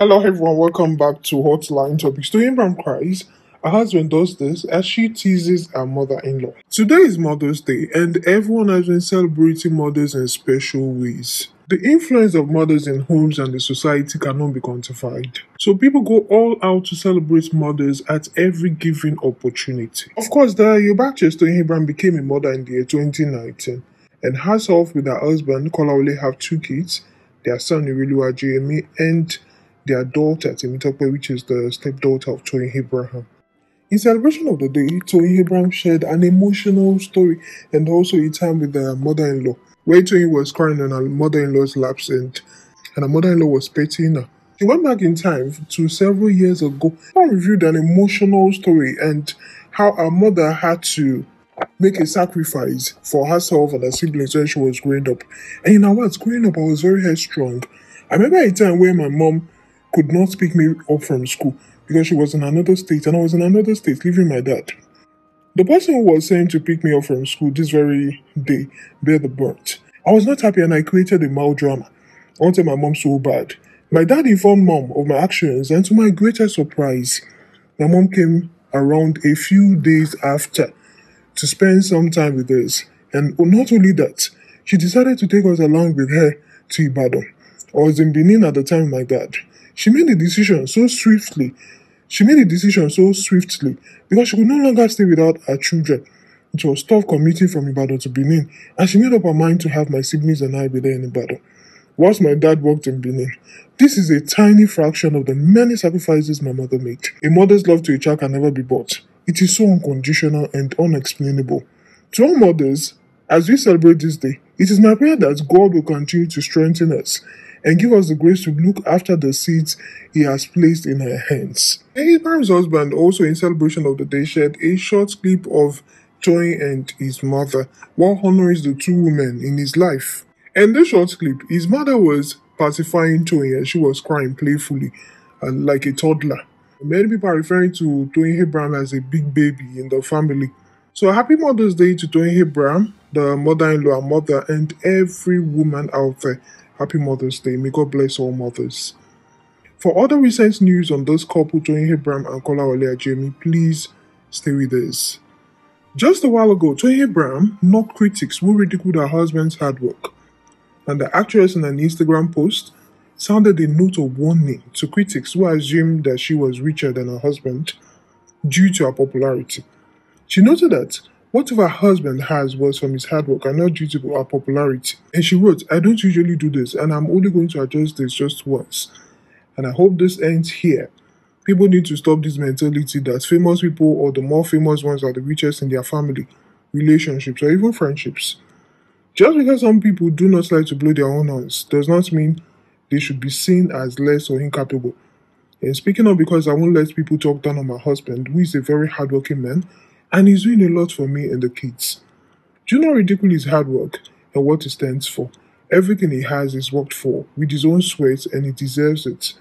Hello, everyone. Welcome back to Hotline Topics. To Imran cries, her husband does this as she teases her mother in law. Today is Mother's Day, and everyone has been celebrating mothers in special ways. The influence of mothers in homes and the society cannot be quantified. So people go all out to celebrate mothers at every given opportunity. Of course, the Yobachester Imran became a mother in the year 2019, and herself with her husband, Kolawole, have two kids, their son, Iriluwa Jeremy, and their daughter Temitope, which is the stepdaughter of Toyin Abraham. In celebration of the day, Toyin Abraham shared an emotional story and also a time with her mother-in-law, where Toyin was crying on her mother-in-law's lap and, and her mother-in-law was petting her. She went back in time to several years ago and reviewed an emotional story and how her mother had to make a sacrifice for herself and her siblings when she was growing up. And in our words, growing up, I was very headstrong. I remember a time where my mom could not pick me up from school because she was in another state and I was in another state leaving my dad. The person who was saying to pick me up from school this very day bear the burnt. I was not happy and I created a mild drama. I wanted my mom so bad. My dad informed mom of my actions and to my greatest surprise, my mom came around a few days after to spend some time with us. And not only that, she decided to take us along with her to Ibadan. I was in Benin at the time my dad. She made a decision so swiftly. She made a decision so swiftly because she could no longer stay without her children. It was tough commuting from Ibadan to Benin, and she made up her mind to have my siblings and I be there in Ibadan. Whilst my dad worked in Benin, this is a tiny fraction of the many sacrifices my mother made. A mother's love to a child can never be bought. It is so unconditional and unexplainable. To all mothers, as we celebrate this day, it is my prayer that God will continue to strengthen us and give us the grace to look after the seeds He has placed in her hands. Abraham's husband, also in celebration of the day, shared a short clip of Joy and his mother while honoring the two women in his life. In this short clip, his mother was pacifying Toyin and she was crying playfully and uh, like a toddler. Many people are referring to Toyin Abraham as a big baby in the family. So happy Mother's Day to Toyin Abraham, the mother-in-law mother, and every woman out there Happy Mother's Day. May God bless all mothers. For other recent news on those couple, joining Hebram and Kola Olea Jamie, please stay with us. Just a while ago, Tony Abraham knocked critics who ridiculed her husband's hard work, and the actress in an Instagram post sounded a note of warning to critics who assumed that she was richer than her husband due to her popularity. She noted that what if her husband has was from his hard work and not due to her popularity? And she wrote, I don't usually do this, and I'm only going to adjust this just once. And I hope this ends here. People need to stop this mentality that famous people or the more famous ones are the richest in their family, relationships, or even friendships. Just because some people do not like to blow their own horns does not mean they should be seen as less or incapable. And speaking of because I won't let people talk down on my husband, who is a very hardworking man and he's doing a lot for me and the kids. Do you know Ridicule his hard work and what he stands for? Everything he has is worked for with his own sweat and he deserves it.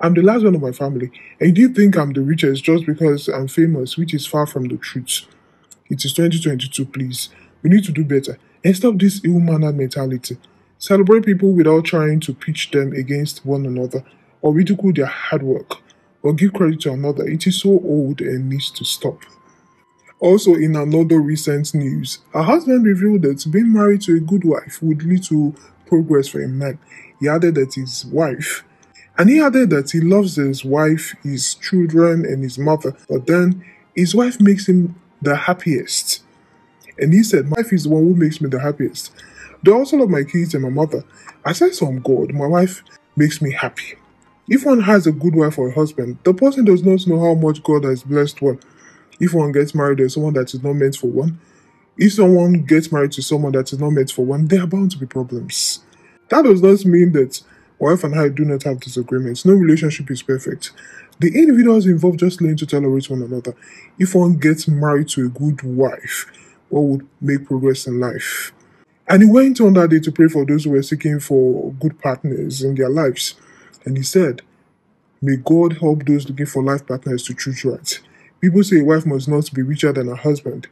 I'm the last one of my family, and you think I'm the richest just because I'm famous, which is far from the truth. It is 2022, please. We need to do better and stop this ill mannered mentality. Celebrate people without trying to pitch them against one another or ridicule their hard work or give credit to another. It is so old and needs to stop. Also, in another recent news, her husband revealed that being married to a good wife would lead to progress for a man. He added that his wife, and he added that he loves his wife, his children, and his mother, but then his wife makes him the happiest. And he said, My wife is the one who makes me the happiest. They also love my kids and my mother. I'm God, my wife makes me happy. If one has a good wife or a husband, the person does not know how much God has blessed one if one gets married to someone that is not meant for one, if someone gets married to someone that is not meant for one, there are bound to be problems. That does not mean that wife and I do not have disagreements. No relationship is perfect. The individuals involved just learn to tolerate one another. If one gets married to a good wife, one would make progress in life. And he went on that day to pray for those who were seeking for good partners in their lives. And he said, May God help those looking for life partners to choose right. People say a wife must not be richer than her husband.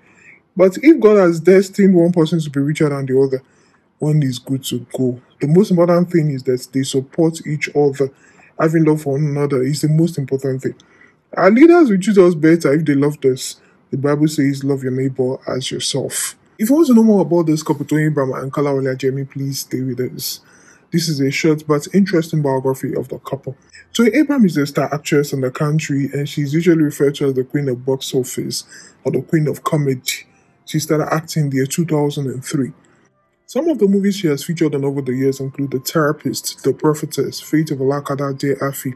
But if God has destined one person to be richer than the other, one is good to go. The most important thing is that they support each other. Having love for one another is the most important thing. Our leaders will choose us better if they loved us. The Bible says, Love your neighbor as yourself. If you want to know more about this, Kapitoyin Brahma, and Kala Jeremy, please stay with us. This is a short but interesting biography of the couple. Toy Abram is a star actress in the country and she's usually referred to as the queen of box office or the queen of comedy. She started acting in the year 2003. Some of the movies she has featured in over the years include The Therapist, The Prophetess, Fate of Alakada De Afi,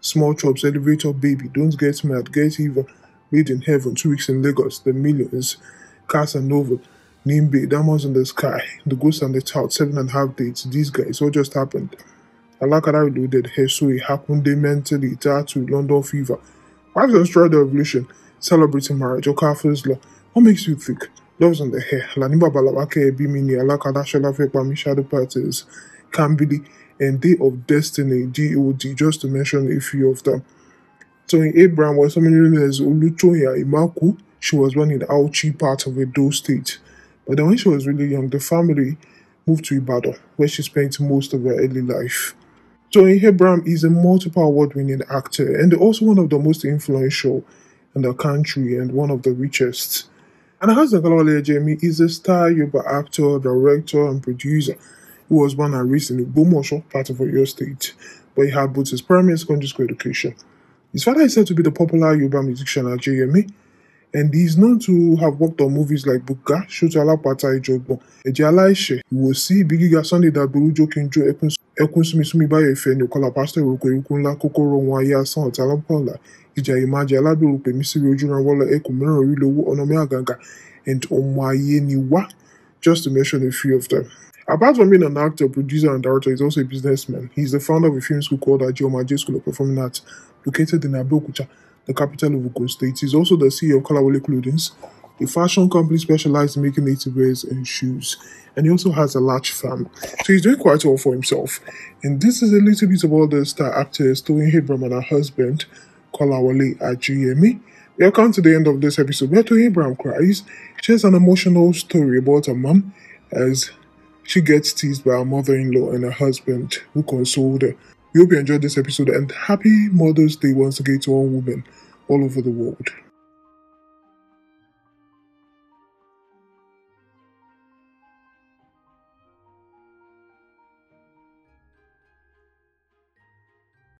Small Chops, Elevator Baby, Don't Get Mad, Get Even, Made in Heaven, Two Weeks in Lagos, The Millions, Casanova, Nimbe, diamonds in the sky, the ghost and the child, seven and a half dates, these guys, what just happened? Alakara reloaded, Hesui, Hakunde mentally, Tattoo, London fever. Wives of Australia the Revolution, celebrating marriage, Okafu's law. What makes you think? Loves on the hair, Laniba Balawake, Bimini, Alakara, Shalafe, Pami, Shadow Parties, Kambili, and Day of Destiny, DOD, just to mention a few of them. So in Abraham was someone known as Olutoya Imaku. She was born in the Auchi part of Edo State. But then when she was really young, the family moved to Ibadan, where she spent most of her early life. Joy Hebram is a multiple award winning actor and also one of the most influential in the country and one of the richest. And Hassan Kalawale Jemi is a star Yoruba actor, director, and producer who was born and raised in Ubomosho, part of Oyo State, where he had both his primary and secondary school education. His father is said to be the popular Yoruba musician Ajayemi, and he is known to have worked on movies like Buka, Shota Alapata Ijogbon, Ẹ̀jẹ̀ Aláìṣẹ̀, Ìwòsí, Ibi Gíga, Sunday Dagboru, Jokinjo, Ẹkún Súnmisúnmi, Báyọ̀ Ìfẹ́ ni Ọ̀kọ́lá Pásítọ̀ Ìrókò Eruku Ńlá, Kókóró Wọn Ayé Asán, Ọ̀tá Lápọ̀ọ̀lá, Ìjà Ìmájẹ, Alábẹ̀rù Pèmí Síbi Ojúran Wọ́lọ́, Ẹkùn Mìíràn Orí Lowó, Àgàngà, and Ọmọ Ayé just to mention a few of them. Apart from being an actor, producer, and director, he's also a businessman. He's the founder of a film school called Ajioma J School of Performing Arts, located in Abeokuta the capital of Ogun State. He's also the CEO of Kalawale Clothing, a fashion company specialized in making native wears and shoes. And he also has a large farm. So he's doing quite well for himself. And this is a little bit about the star actress Toyin Hebram and her husband, Kolawale Ajuyemi. We come to the end of this episode where Ibrahim Hebram cries, shares an emotional story about her mom as she gets teased by her mother-in-law and her husband who consoled her hope you enjoyed this episode and happy Mother's Day once again to all women all over the world.